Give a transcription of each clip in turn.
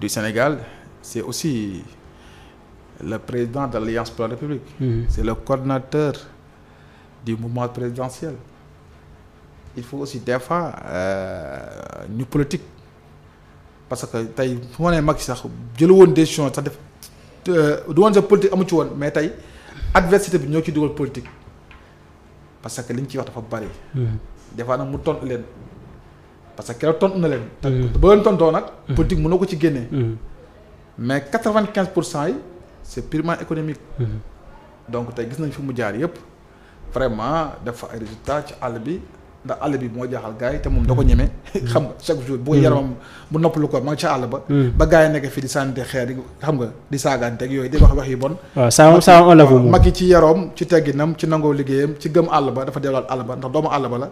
du Sénégal c'est aussi le président de l'Alliance pour la République mmh. c'est le coordinateur du mouvement présidentiel il faut aussi des fois euh, ñu politique parce que tey fu ma nee Macky sax jëlu woon décision sax def euh, du woon sa politique amu ci woon mais tey adversité bi ñoo ci dugal politique parce que li ñu ciy wax dafa bari mm-hmm. des nag mu tontu leen parce que keroog tontu na leen. Mm. te ba leen tontoo nag. Mm. politique mënoo ko ci génnee. Mm. mais quatre vingt quinze pour cent yi c' est purement économique. donc tey gis nañ fi mu jaar yëpp vraiment def fa ay résultats ci àll bi. ndax àll bi moo jaaxal gars te moom da ko ñeme. Mm. xam nga chaque jour. bu yaramam mm. bu noppalu ko ma ca àll ba. Mm. ba gars yi nekk fi di sànni xeer yi xam nga di saagaanteeg yooyu di wax wax yu bon. waaw saa saa la ko mag yi ci yaroom ci tegginam ci nangoo liggéeyam ci gëm àll ba dafa delluwaat àll ba ndax doomu àll ba la.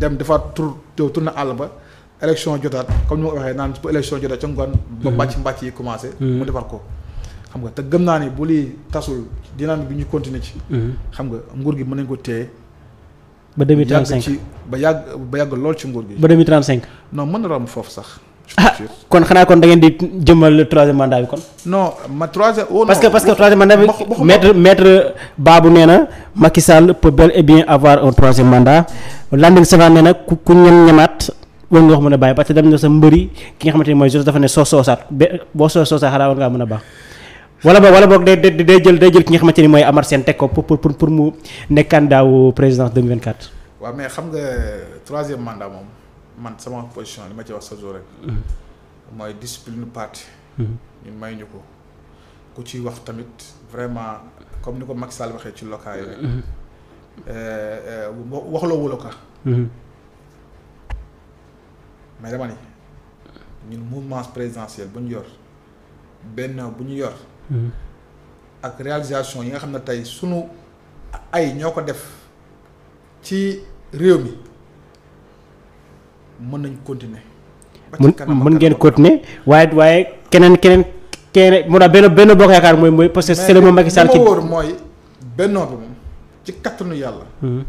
dem dafa tur tourné àll ba. élection jotaat comme ni waxee naan bu élection jotaat ca ngoon. ba mbàcc mbàcc yi commencé. mu defar ko. xam nga te gëm naa ne bu lii tasul dynamique bi ñu continuer ci. xam nga nguur gi mën nañ ko téye ba 2035 ba yàgg ba yàgg lool ci nguur gi. ba 2035. non mën na romb foofu sax. ah kon xanaa kon da ngeen di jëmmal le troisième mandat bi kon. non ma troisième. oh non parce que parce que troisième mandat bi maître maître Babou nee na Macky Sall peut et bien avoir un mandat Landing Savané nee ku ku ñem ñemaat war nga wax mën a bàyyi parce que na sa mbëri ki nga xamante ni mooy dafa ne soo soosaat boo soo soosaat xanaa war ngaa mën a baax. wala boog wala boog day day jël day jël ki nga xamante ni mooy Amar Sène teg ko pour pour pour mu nekk candidat wu présidence 2024. waaw mais xam nga troisième mandat moom man sama position li ma ci wax sa jour rek. Mm-hmm. mooy discipline parti. Mm-hmm. ñu may ñu ko ku ciy wax tamit vraiment comme ni ko mag Sall waxee ci local yi rek. Mm-hmm. Euh, euh, waxloo wu local. mais ñun mouvement présidentiel bu ñu yor benn bu ñu yor. Mm-hmm. ak réalisation yi nga xam ne tey suñu ay ñoo ko def ci réew mi mën nañ continuer. mën ngeen continuer waaye waaye keneen keneen keneen mu daal benn benn bokk yaakaar mooy mooy parce que c'est le moom Macky Sall ci wóor mooy bennoo bi moom ci kattanu yàlla. Mm-hmm.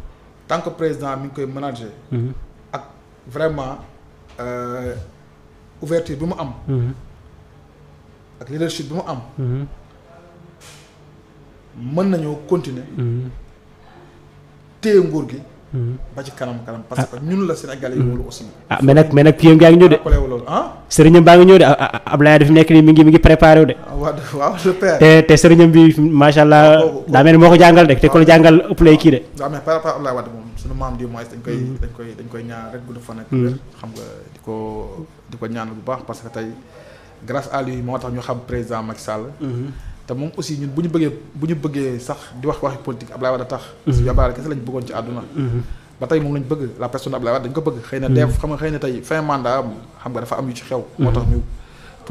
tant que président mi ngi koy manager. Mm-hmm. ak vraiment euh, ouverture bi mu am. ak leadership bi mu am. Mm-hmm. mën nañoo continuer. Mm-hmm. téye nguur gi. Mm-hmm. ba ci kanam kanam parce que ñun la Sénégalais yi wóolu aussi. ah mais nag mais nag kii yaa ngi ñëw de. Ah? sëriñam baa ngi ñëw de Ablaye dafa nekk nii mi ngi mi ngi préparé wu de. Ah, waaw waaw le père. te te sëriñam bi macha allah. Ah, daa mel ni moo ko jàngal de te ko la jàngal ëpp lay kii de. waaw ne par rapport ak Ablaye Wade maam du moins dañ koy dañ koy dañ ñaan rek gudd fan ak. xam nga di ko di ko ñaan bu baax parce que tey. grace à lui moo tax ñu xam président Macky Sall. Mhm. te moom aussi ñun bu ñu bëggee bu ñu bëggee sax di wax waxi politique Ablaye Wade tax. Mhm. suñu Ablaye Wade kese lañ bëggoon ci àdduna. Mhm. ba tey moom lañ bëgg la personne Ablaye Wade dañ ko bëgg. xëy na def xam nga xëy na tey fin mandat am xam nga dafa am yu ci xew. moo tax ñu.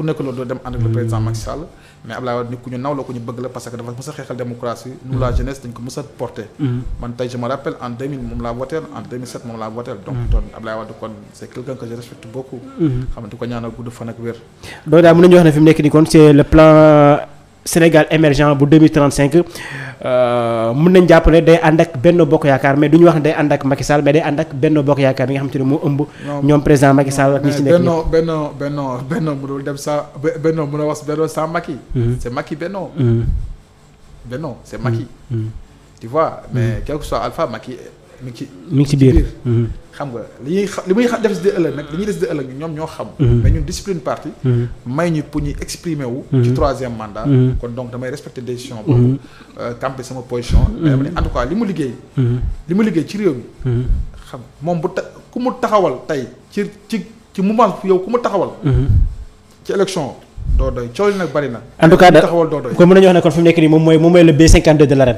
ku nekk loolu doo dem ànd ak le président Macky Sall mais nit ku ñu naw la ñu bëgg la parce que dafa mës a xeexal démocratie nous la mm-hmm. jeunesse dañ ko mës a mm-hmm. man tey je rappelle en 2000 moom laa voté en 2007 moom laa voté donc mm-hmm. doon Abdoulaye Wade kon c' est quelqu'un que je respecte xam ne di ko ñaanal wax ne fi nekk nii kon c'est le plan Sénégal émergent bu 2035 euh, mën nañ jàpp ne day ànd ak Benno Bokk Yaakaar mais du wax ne day ànd ak Macky Sall mais day ànd ak Benno Bokk Yaakaar bi nga xamante ne moo ëmb. ñoom président Macky Sall ak ñi ci nekk Benno Benno Benno Benno mënul dem sans Benno mën a wax Benno sans Macky. Mhm. c'est Macky Benno. Mhm. Benno c'est Macky. Mhm. tu vois mais quel soit Alpha Macky. mi ci mi ngi ci biir mhm. xam nga li ñuy xam li muy def si di ëllëg nag li ñuy des di ëllëg ñoom ñoo xam mhm. mais ñun discipline parti mhm. may ñu pour ñuy exprimer wu ci troisième mandat kon donc damay respecter décision boobu campé euh, sama position mais dama en tout cas li mu liggéey li mu liggéey ci réew mi xam moom bu ta ku mu taxawal tey ci ci ci mouvement yow ku mu taxawal ci élection doo doy coow li nag bari na en tout kon mën nañu wax ne kon fi nekk nii moom mooy moom mooy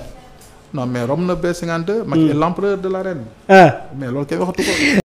non mais rom na B52. Macky est l'empereur de l'arène. Ah. mais loolu kay waxatu ko.